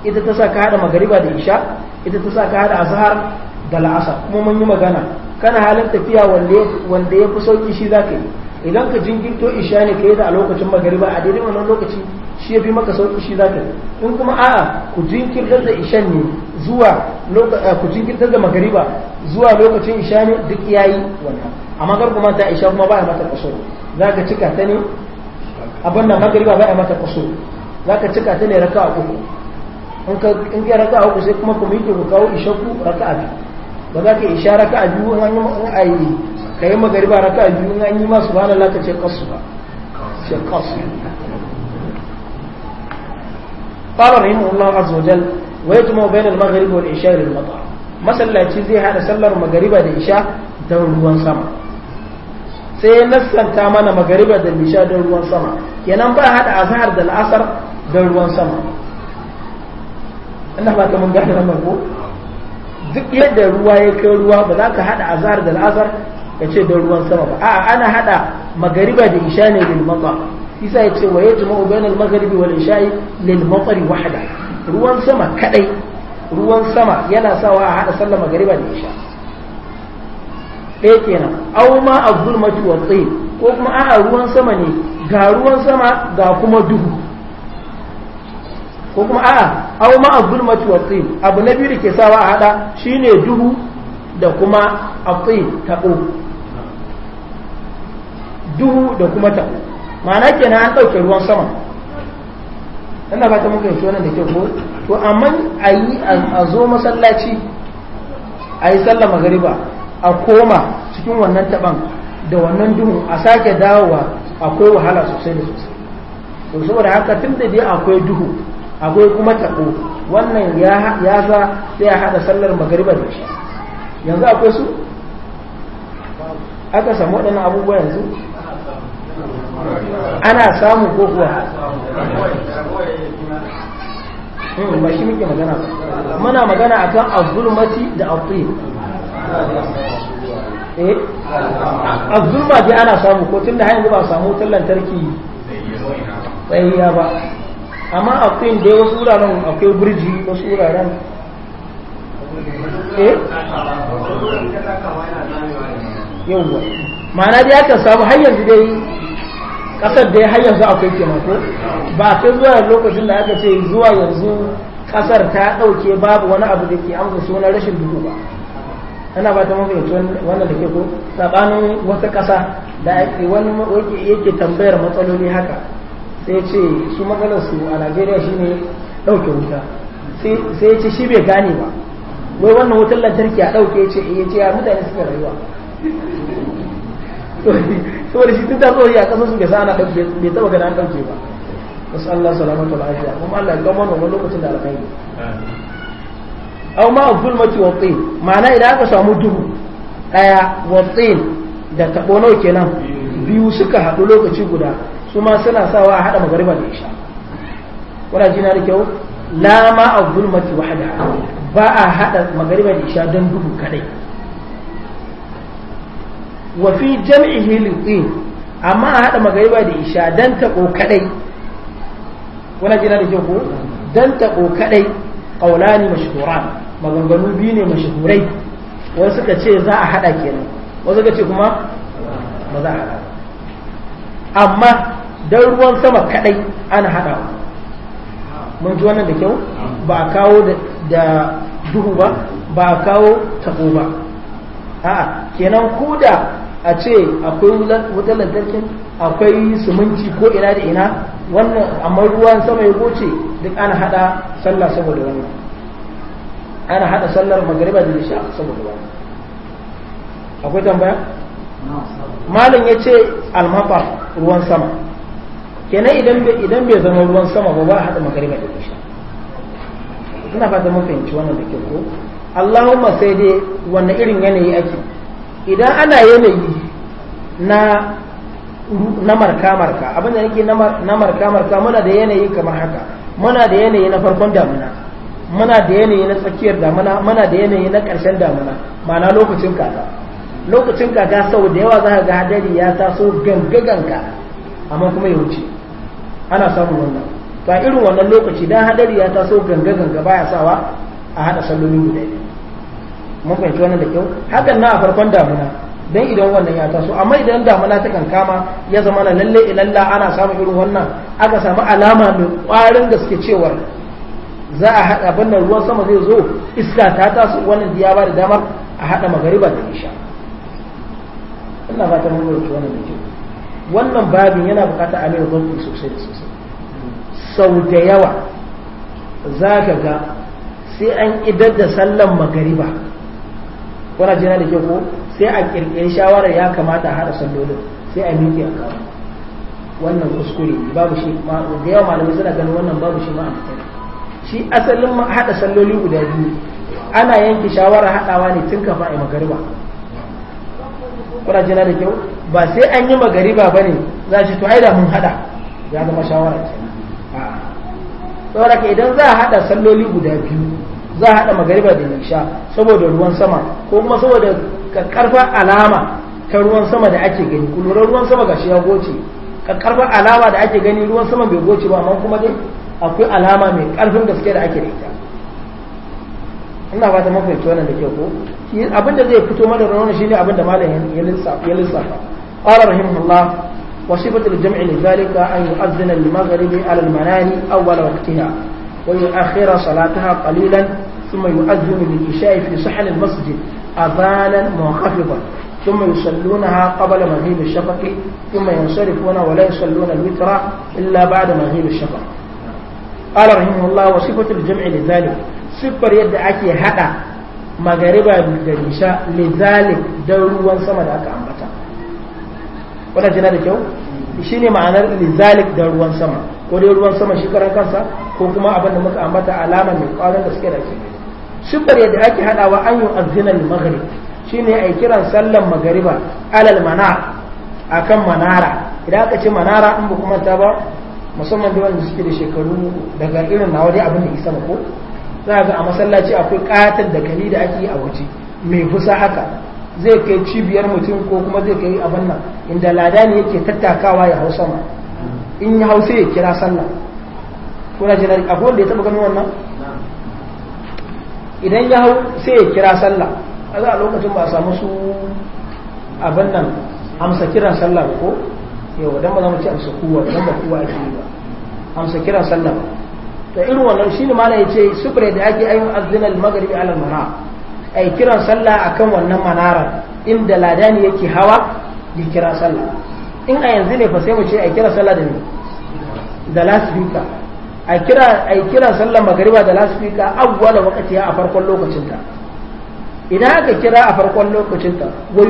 ita ta sa ka haɗa magariba da isha ita ta sa ka haɗa azhar da La'asar, kuma mun yi magana kana halin tafiya wanda ya fi sauki shi za ka yi idan ka jinkirto isha ne ka yi da a lokacin magariba a daidai wannan lokaci shi ya fi maka sauki shi za ka yi in kuma a'a ku jinkirtar da isha ne zuwa eh, ku jinkirtar da magariba zuwa lokacin isha ne duk yayi wannan amma kar kuma ta isha kuma ba ya mata kaso za ka cika ta ne abin da magariba ba a mata kaso za ka cika ta ne raka a uku in ka raka a uku sai kuma kuma yake kawo ishaku raka a biyu ba za ka isha raka a biyu in a yi ka yi magariba raka a biyu in an yi masu ba na lakace kasu ba ce kasu قال رحمه الله عز وجل ويجمع بين المغرب والعشاء للمطعم masallaci zai hada sallar magariba da isha da ruwan sama sai ya nassanta mana magariba da nisha da ruwan sama kenan ba hada azhar da al'asar da ruwan sama ina fata mun gane nan ko duk yadda ruwa ya kai ruwa ba za ka hada azhar da al'asar ka ce da ruwan sama ba a'a ana hada magariba da isha ne da maqa isa ya ce wa yajma'u bainal maghribi wal isha'i lil matari wahda ruwan sama kadai ruwan sama yana sawa a hada sallar magariba da isha ɗaya kenan aw ma az wa ko kuma a ruwan sama ne ga ruwan sama ga kuma duhu ko kuma a'a aw ma az-zulmati wa abu na biyu da ke sawa a hada shine duhu da kuma atsayl tabo duhu da kuma tabo ma'ana kenan an ɗauke ruwan sama ina ba ta muka yi wannan da kyau ko to amma a yi a zo masallaci a yi sallah magariba a koma cikin wannan taban da wannan duhu a sake dawowa akwai wahala sosai da sosai to saboda haka tun da dai akwai duhu akwai kuma tabo wannan ya za sai ya hada sallar magariba da shi yanzu akwai su aka samu waɗannan abubuwa yanzu
ana samu ko kuwa hmm, ba shi muke magana muna magana akan abulmati da abdul eh a zulma dai ana samu ko tunda har
yanzu ba samu wutar lantarki tsayayya ba amma akwai da wasu wuraren akwai burji wasu wuraren
eh ba ma'ana dai akan samu
har yanzu dai kasar dai har yanzu akwai ko ba kai zuwa lokacin da aka ce zuwa yanzu kasar ta ɗauke babu wani abu da ke amsa sunan rashin dubu ba ana ba ta mafi wannan da ke ko tsakanin wata ƙasa da ake wani yake tambayar matsaloli haka sai ce su matsalar su a najeriya shine ɗauke wuta sai ce shi bai gane ba wai wannan wutar lantarki a ɗauke ce eh, ya ce ya mutane suka rayuwa saboda shi tun taso ya kasar su gasa ana ɗauke bai taɓa gana ɗauke ba wasu Allah salamatu al'afiya kuma Allah ya kawo wani lokacin da alkhairi aw ma zulmati wa tin ma'ana idan aka samu duhu daya wa tin da tabo nawa kenan biyu suka haɗu lokaci guda su ma suna sawa a haɗa magariba da isha kuna jina da kyau la ma a zulmati wahda ba a haɗa magariba da isha don duhu kadai wa fi jam'ihi liqin amma a haɗa magariba da isha dan tabo kadai kuna jina da kyau ko dan tabo kadai qawlani mashhuran maganganu biyu ne mashahurai wani suka ce za a hada kenan wani suka ce kuma ba za a hada amma dan ruwan sama kadai ana hadawa mun ji wannan da kyau ba a kawo da duhu ba ba a kawo tabo ba a'a kenan ko da a ce akwai wutar lantarkin akwai suminci ko ina da ina wannan amma ruwan sama ya goce duk ana hada sallah saboda wannan ana hada sallar magariba da isha saboda ba akwai tambaya malam ya ce almafa ruwan sama kenan idan bai zama ruwan sama ba ba hada magariba da isha ina fata mun fahimci wannan da ke ko Allahumma sai dai wanne irin yanayi ake idan ana yanayi na na marka marka abinda nake na marka marka muna da yanayi kamar haka muna da yanayi na farkon damina muna da yanayi na tsakiyar damuna muna da yanayi na ƙarshen damuna ma'ana lokacin kaka lokacin kaka sau da yawa za ka ga hadari ya taso gangaganka amma kuma ya wuce ana samun wannan to a irin wannan lokaci dan hadari ya taso ganga-ganga baya sawa a hada sallolin guda biyu mun fahimci wannan da kyau hakan na a farkon damuna dan idan wannan ya taso amma idan damuna ta kankama ya zama na lalle ilalla ana samun irin wannan aka samu alama mai kwarin gaske cewar za a haɗa abin da ruwan sama zai zo iska ta taso wannan ya ba da damar a haɗa magariba da isha ina ba ta mun rubuta wannan mutum wannan babin yana bukatar amir gwamnati sosai da sosai sau da yawa za ka ga sai an idar da sallan magariba kuna jina da ke ko sai a kirkiri shawarar ya kamata haɗa sallolin sai a miƙe a kawo wannan kuskure babu shi da yawa malamai suna ganin wannan babu shi ma a shi asalin haɗa salloli guda biyu ana yanke shawara haɗawa ne tun kafin a magariba kuna jina da kyau ba sai an yi magariba ba ne za shi to ai da mun haɗa ya zama shawara ce saboda idan za a haɗa salloli guda biyu za a haɗa magariba da nisha saboda ruwan sama ko kuma saboda karfa alama ta ruwan sama da ake gani kuma ruwan sama gashi ya goce ka alama da ake gani ruwan sama bai goce ba amma kuma dai akwai alama mai karfin gaske da ake da ita ina ba ta fahimci wannan da ke ko abinda zai fito mana da wannan shine abinda malamin ya lissafa ya lissafa qala rahimahullah wa sifatul jam'i li zalika an yu'azzina al maghribi ala al manani awwal waqtiha wa yu'akhkhira salataha qalilan thumma ثم يؤذن بالعشاء في صحن المسجد أذانا منخفضا ثم يصلونها قبل مغيب الشفق ثم ينصرفون ولا يصلون الوتر إلا بعد مغيب الشفق قال رحمه الله وصفة الجمع لذلك صفر يد أكي هدا مغربا بالدريشة لذلك دروا سما داك أمبتا ولا جنا da kyau shine ma'anar lizalik da ruwan sama ko dai ruwan sama shi karan kansa ko kuma abinda da muka ambata alama mai kwarin da suke da shi shibbar yadda ake hadawa an yi azina al-maghrib shine ai kiran sallar magariba alal mana akan manara idan aka ce manara in ba kuma ta ba musamman da wanda suke da shekaru daga irin na waje abin da isa ba ko za ga a masallaci akwai katar da kani da ake yi a waje mai fusa haka zai kai cibiyar mutum ko kuma zai kai abin nan inda lada ne yake tattakawa ya hau sama in ya hau ya kira sallah kuna jin akwai wanda ya taba ganin wannan idan ya hau sai ya kira sallah a za a lokacin ba a samu su abin nan amsa kiran sallah ko yau dan ba za mu ci amsa kuwa dan ba kuwa ake yi ba amsa kiran sallah to irin wannan shine malam yace sufre da ake ayyun azzinal maghribi ala mara ai kiran sallah akan wannan manara inda ladani yake hawa ya kira sallah in a yanzu ne fa sai mu ce ai kira sallah da ni da lasfika ai kira ai kira sallah magriba da lasfika awwala waqtiha a farkon lokacin ta idan aka kira a farkon lokacin ta wa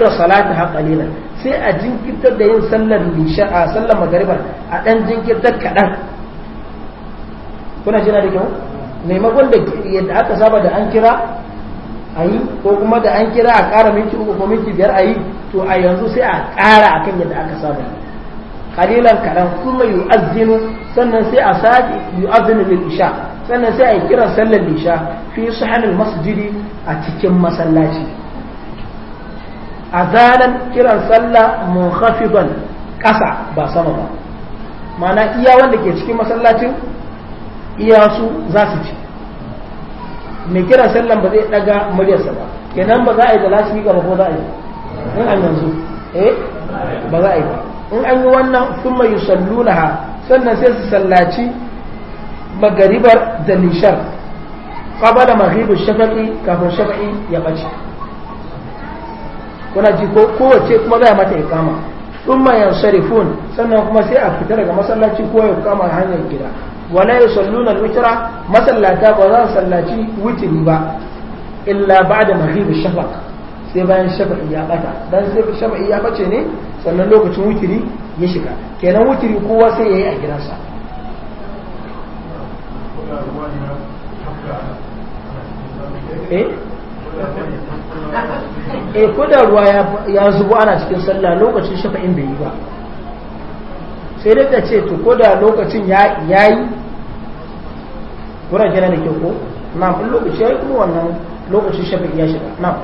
ta'khira ha qalilan sai a jinkirtar da yin sallar lisha a sallar magariba a dan jinkirtar kadan kuna jira da kyau maimakon da yadda aka saba da an kira ayi ko kuma da an kira a ƙara minti uku ko minti biyar ayi to a yanzu sai a ƙara akan yadda aka saba qalilan kadan kuma yu'azzinu sannan sai a sake yu'azzinu lil isha sannan sai a kira sallar lisha fi sahanil masjidi a cikin masallaci azanan kiran sallah munkhafifan ƙasa ba sama ba mana iya wanda ke cikin masallacin iya su za su ci mai kiran sallan ba zai daga muryarsa ba kenan ba za a yi da lasifika ga ko za a yi in an yanzu eh ba za a yi ba in an yi wannan sun mai yusallunaha sannan sai su sallaci magaribar da nishar qabala maghribu shafa'i kafin shafa'i ya bace kuna ji ko kowace kuma za a mata ikama thumma sharifun sannan kuma sai a fita daga masallaci ko ya kama hanyar gida wala sallu na lutura masallata ba za su sallaci wutiri ba illa da mahibu shafak sai bayan shafak ya bata dan sai ya bace ne sannan lokacin wutiri ya shiga kenan wutiri kowa sai ya yi a
gidansa eh? e ko
da ruwa ya zubo ana cikin sallah lokacin shafa'in bai yi ba sai dai ta ce to ko da lokacin ya yi wurin gina da kyau ko na kun lokaci ya yi kuma wannan lokacin shafa'in ya shiga na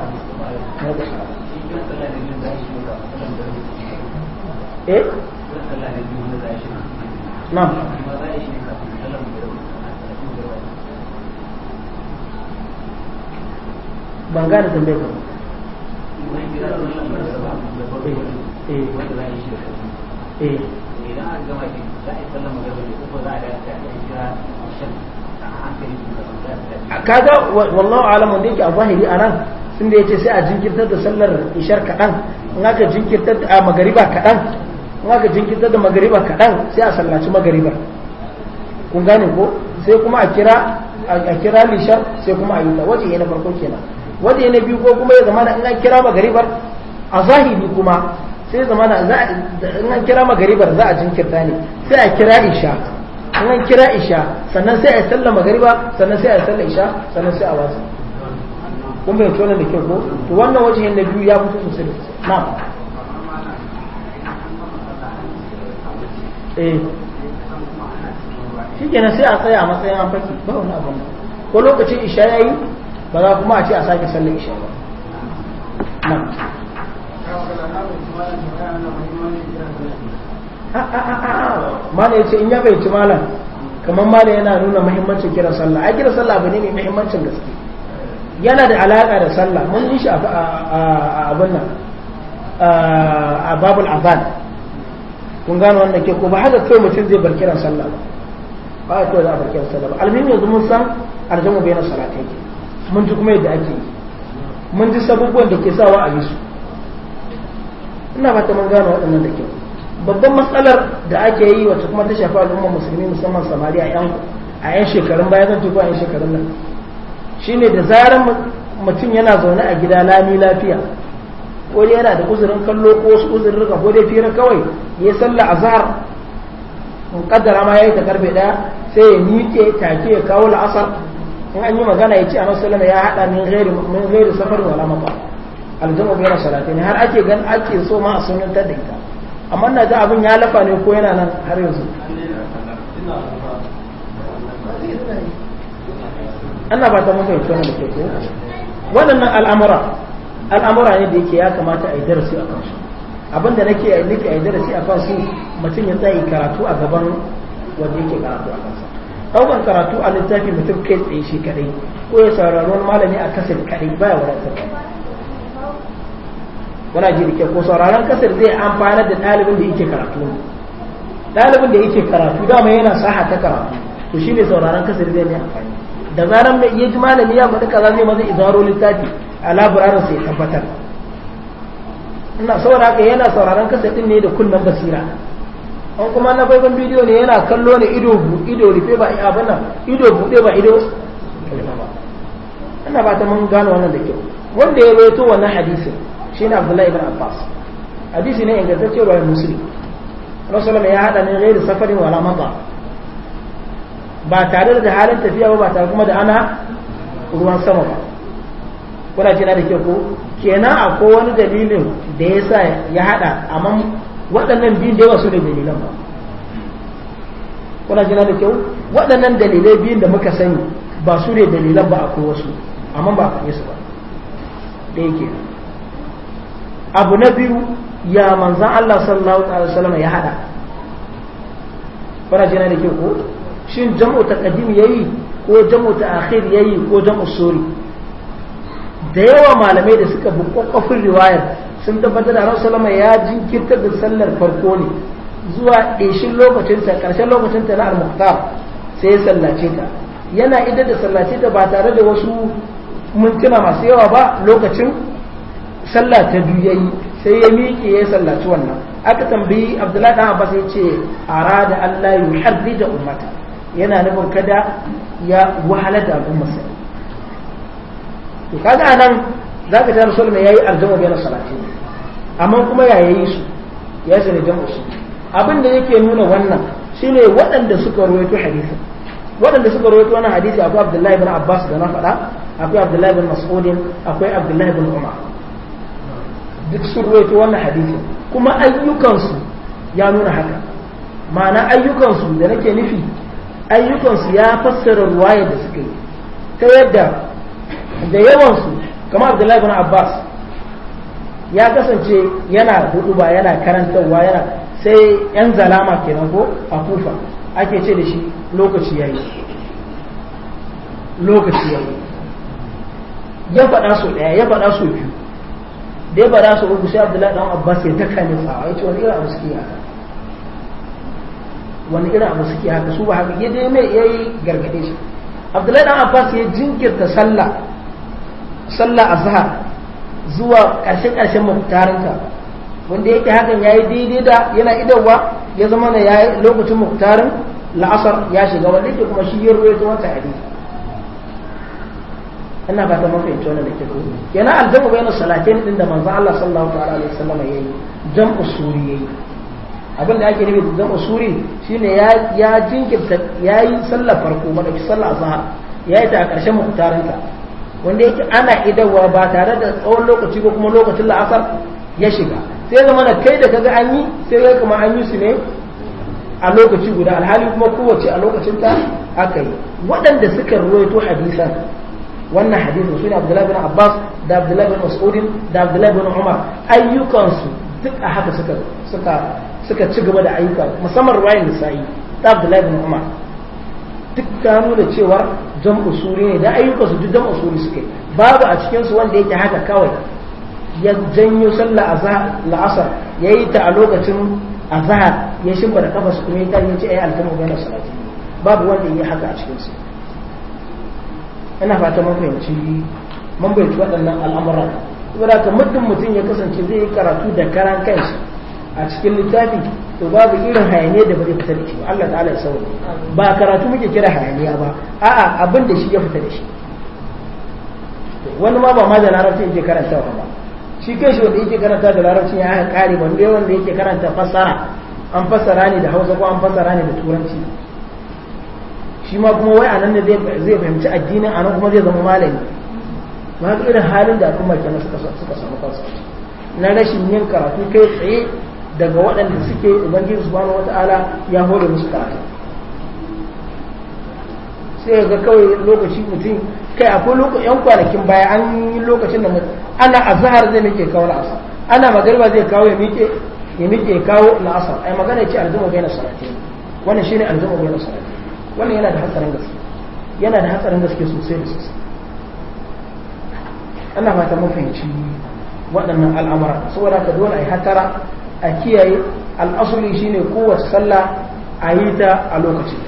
eh na
ban gane tambayar kaga wallahu alam wanda yake a zahiri a nan sun da ya ce sai a jinkirtar da sallar ishar kaɗan in aka jinkirtar da magariba kaɗan in aka jinkirtar da magariba kaɗan sai a sallaci magariba kun gane ko sai kuma a kira a kira lishar sai kuma a yi ta waje yana farko kenan wanda ya na biyu ko kuma ya zama da in an kira magaribar a zahiri kuma sai zama da in an kira magaribar za a jinkirta ne sai a kira isha in an kira isha sannan sai a sallar magariba sannan sai a sallar isha sannan sai a wasu kun bai tona da kyau ko to wannan wajen na biyu ya fito sosai na.
eh shi kenan sai a tsaya
a matsayin an faki ba wani abu ko lokacin isha ya yi. ba za kuma a ce a sake sallar isha ba
ah, ah, ah,
mana ya ce in ya bayyaci malam kamar malam yana nuna muhimmancin kiran sallah a kiran sallah abu ne mai muhimmancin gaske yana da alaƙa da sallah mun yi shi a abin nan a babul azan kun gano wanda ke ko ba haka kai mutum zai bar kiran sallah ba ba a kawai za a bar kiran sallah ba almin yanzu mun san aljamu bai na salatai mun ji kuma yadda ake mun ji sabubuwan da ke sawa a su ina fata mun gane waɗannan da kyau babban matsalar da ake yi wacce kuma ta shafi al'ummar musulmi musamman samari a 'yan shekarun baya zan tuba a 'yan shekarun nan shine da zarar mutum yana zaune a gida lami lafiya ko yana da uzurin kallo ko wasu uzurin ko dai fira kawai ya sallah azhar kaddara ma yayi ta karfe ɗaya sai ya miƙe take ya kawo la'asar in an yi magana ya ce a nasu ya haɗa min gairi safar wala mafa aljamu biyar salati ne har ake gan ake so ma a sunan da ita amma na ga abin ya lafa ne ko yana nan har yanzu ana ba ta mafi tona da keke waɗannan al'amura al'amura ne da yake ya kamata a yi darasi a kansu da nake nake a yi darasi a kansu mutum ya tsaye karatu a gaban wanda yake karatu a kansa ɗaukan karatu a littafi mutum kai tsaye shi kadai ko ya sauraro wani malami a kasar kadai baya wadatar wana ji rike ko sauraron kasar zai amfana da ɗalibin da yake karatu ɗalibin da yake karatu dama yana saha ta karatu to shi ne sauraron kasar zai mai amfani da zaran mai iya ji malami ya faɗi kaza zai maza izaro littafi a labararin sai tabbatar ina saboda haka yana sauraron kasar ɗin ne da kunnen basira an kuma na faifan bidiyo ne yana kallo ne ido ido rufe ba a bana ido buɗe ba ido ana ba ta mun gano wannan da kyau wanda ya rawaito wannan hadisin shine Abdullahi ibn Abbas hadisi ne ingantacce ruwayar Muslim Rasulullah ya hada ne gairu safarin wala mata ba tare da halin tafiya ba ba tare kuma da ana ruwan sama ba kuna na da kyau ko kenan akwai wani dalilin da ya sa ya hada amma waɗannan biyun da yawa su ne dalilan ba kuna jina da kyau waɗannan dalilai biyun da muka sani ba su ne dalilan ba akwai wasu amma ba a su ba da yake abu na biyu ya manzan Allah sallallahu alaihi wasallam ya hada kuna jina da kyau ko shin jam'u ya yayi ko jam'u ya yayi ko jam'u sori da yawa malamai da suka bi kokkafin riwayar sun tabbatar da annabi sallama ya jinkirtar da sallar farko ne zuwa ɗeshin lokacinta ƙarshen lokacinta na al sai ya sallace ta yana idar da sallace ta ba tare da wasu mintuna masu yawa ba lokacin sallah ta biyu yayi sai ya miƙe ya sallaci wannan aka tambayi abdullahi ɗan abbas ya ce a ra da allah yi da ummata yana nufin kada ya wahalar da al'ummarsa to kaga anan za ka tara sulma ya yi arjama bayan salati amma kuma ya yi su ya yi jam'u su abin da yake nuna wannan shine waɗanda suka rawaito hadisi waɗanda suka rawaito wannan hadisi akwai Abdullahi ibn Abbas da na faɗa akwai Abdullahi ibn Mas'ud akwai Abdullahi ibn Umar duk sun rawaito wannan hadisi kuma ayyukansu ya nuna haka ma'ana ayyukansu da nake nufi ayyukansu ya fassara ruwaya da suka yi ta yadda da yawansu kamar abdullahi laifin abbas ya kasance yana ba yana karantarwa yana sai yan zalama kenan ko a kufa ake ce da shi lokaci yayi lokaci yayi ya faɗa su ɗaya ya faɗa su biyu da ya faɗa su uku sai abdullahi dan abbas ya taka ne sa ya ce wani irin abu suke haka wani irin abu suke haka su ba haka ya je mai yayi gargaɗe shi abdullahi dan abbas ya jinkirta sallah sallah azhar zuwa ƙarshen ƙarshen tarinka wanda yake hakan yayi daidai da yana idawa ya zama na yayi lokacin muktarin la'asar ya shiga wanda yake kuma shi ya ruwaito wata hadisi ina ba ta fahimci wannan da ke ko yana aljamu bayan salatin din da manzo Allah sallallahu ta'ala alaihi wasallam yayi jam'u suri yayi abin da ake nufi da jam'u suri shine ya ya jinkirta yayi sallar farko madaki sallar azhar yayi ta a ƙarshen muktarinta wanda yake ana idarwa ba tare da tsawon lokaci ko kuma lokacin la'asar ya shiga sai zama da kai da kaga an yi sai ya kuma an yi su ne a lokaci guda alhali kuma kowace a lokacin ta aka yi waɗanda suka ruwaito hadisan wannan hadisin su ne abdullahi bin abbas da abdullahi bin mas'udin da abdullahi bin umar ayyukansu duk a haka suka suka ci gaba da ayyuka musamman ruwayin nisa'i da abdullahi bin umar duk ka nuna cewa jam'u suri ne da ayyukansu duk jam'u suri suke babu a cikinsu wanda yake haka kawai ya janyo sallah la'asar ya yi ta a lokacin azhar ya shimfa da kafa su kuma ya yi ce ayi alkama bayan salati babu wanda ya haka a cikinsu ina fata mun fahimci mun bayyana waɗannan al'amuran ibada ka muddin mutum ya kasance zai yi karatu da karan kanshi a cikin littafi to babu irin hayaniya da bai fita da shi Allah ta'ala ya sauke ba karatu muke kira hayaniya ba a'a abin da shi ya fita da shi wani ma ba ma da larabci yake karanta ba shi kai shi wanda yake karanta da larabci ya aka kare ban dai wanda yake karanta fassara an fassara ne da Hausa ko an fassara ne da Turanci shi ma kuma wai anan ne zai fahimci addinin anan kuma zai zama malami ma irin halin da al'umma kenan suka suka samu kansu na rashin yin karatu kai tsaye daga waɗanda suke ubangiji subhanahu wata'ala ya hore musu karatu sai ga kawai lokaci mutum kai akwai lokacin yan kwanakin baya an yi lokacin da ana azhar zai nake kawo na asar ana magariba zai kawo ya miƙe ya miƙe kawo na asar ai magana ce aljuma bai na sarati wannan shine aljuma bai na sarati wannan yana da hatsarin gaske yana da hatsarin gaske sosai da sosai ana fata mun fahimci waɗannan al'amura saboda ka dole a yi hatara a kiyaye al'asuli shine kowace sallah a yi ta a lokacin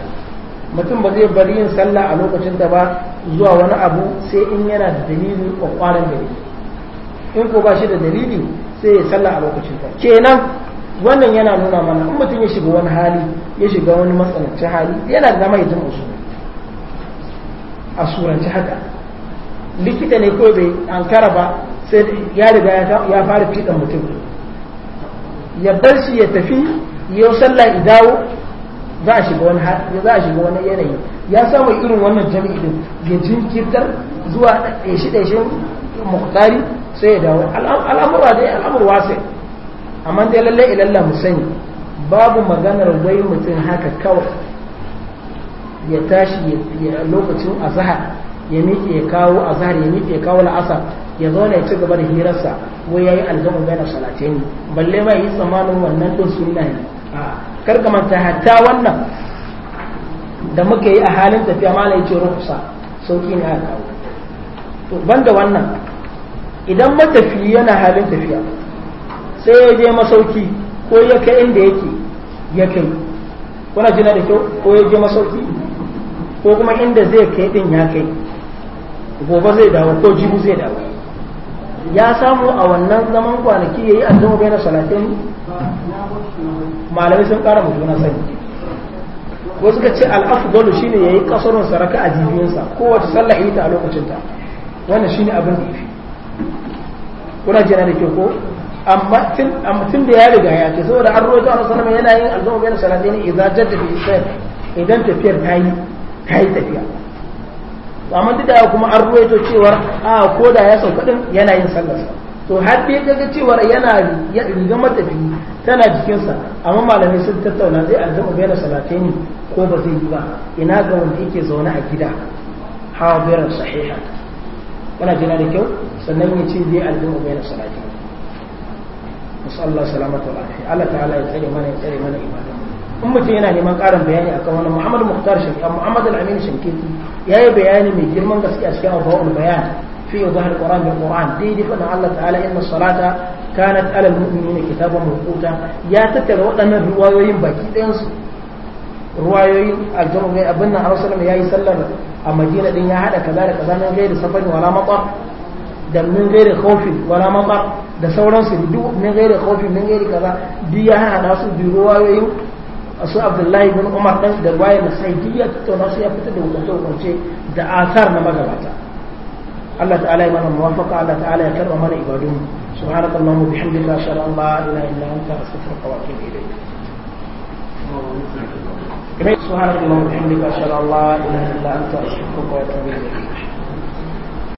mutum ba zai bari yin sallah a lokacin ba zuwa wani abu sai in yana da dalili kwakwaran dalili in ko ba shi da dalili sai ya sallah a lokacin ta kenan wannan yana nuna mana in mutum ya shiga wani hali ya shiga wani matsanancin hali yana da dama ya jin a surance haka likita ne ko bai ankara ba sai ya riga ya fara fiɗan mutum ya bar shi ya tafi ya sallah ya dawo za a shiga wani za a shiga wani yanayi ya samu irin wannan jami'i din ya jinkirtar zuwa ɗaishi ɗaishin muktari sai ya dawo al'amura dai al'amur wasai amma dai lallai ilalla mu sani babu maganar wai mutum haka kawai ya tashi ya lokacin azhar ya miƙe kawo a zahar ya miƙe kawo la'asar ya zauna ya ci gaba da hirarsa ko ya yi aljamu bayan ne balle ma yi tsammanin wannan ɗin suna ne karka manta hatta wannan da muka yi a halin tafiya ma yace rukhsa sauki ne a kawo to da wannan idan matafi yana halin tafiya sai ya je masauki ko ya kai inda yake ya kai kuna jina da kyau ko ya je masauki ko kuma inda zai kai din ya kai gobe zai dawo ko jibu zai dawo ya samu a wannan zaman kwanaki ya yi addu'a bai na salatin malamai sun kara mutu na sani ko suka ce al'afdalu shine ya yi kasarun saraka a jibiyunsa wata sallah yi ta a lokacinta wannan shine abin da fi kuna jira da ke ko amma tun da ya riga ya ce saboda an roƙi a sallama yana yin al'umma bayan salatin idan idan tafiyar ta yi tafiya amma duk da kuma an ruwaito cewar a ko da ya sauka din yana yin sallarsa to har dai kaga cewar yana riga matafi tana jikinsa amma malamai sun tattauna zai aljama bayan salataini ko ba zai yi ba ina ga wanda yake zaune a gida hadiran sahiha kana jina da kyau sannan ya ce zai aljama bayan salataini musallallahu salamatu alaihi Allah ta'ala ya tsare mana ya tsare mana ibadan in mutum yana neman ƙarin bayani akan wani muhammadu muhtar shafi muhammad al-amin shankiti ya yi bayani mai girman gaske a cikin abubuwan bayan fi zahar qur'an bil qur'an daidai faɗin allah ta'ala na salata kanat alal na kitaban mawquta ya tattara waɗannan ruwayoyin baki ɗayansu ruwayoyin aljarumai abin nan arasalama ya yi sallar a madina din ya haɗa kaza da kaza min gairi safari wala matsar da min gairi kofin wala matsar da sauransu duk min gairi kofin min gairi kaza duk ya haɗa su bi ruwayoyin asu abdullahi bin umar dan da ruwaya na sai duk ya tattauna su ya fitar da hukunce hukunce da asar na magabata Allah ta'ala ya mana muwafaqa Allah ta'ala ya karba mana ibadun subhanaka allahumma bihamdika ashhadu an la ilaha illa anta astaghfiruka wa atubu ilayk سبحانك اللهم وبحمدك
اشهد ان لا اله الا انت استغفرك واتوب اليك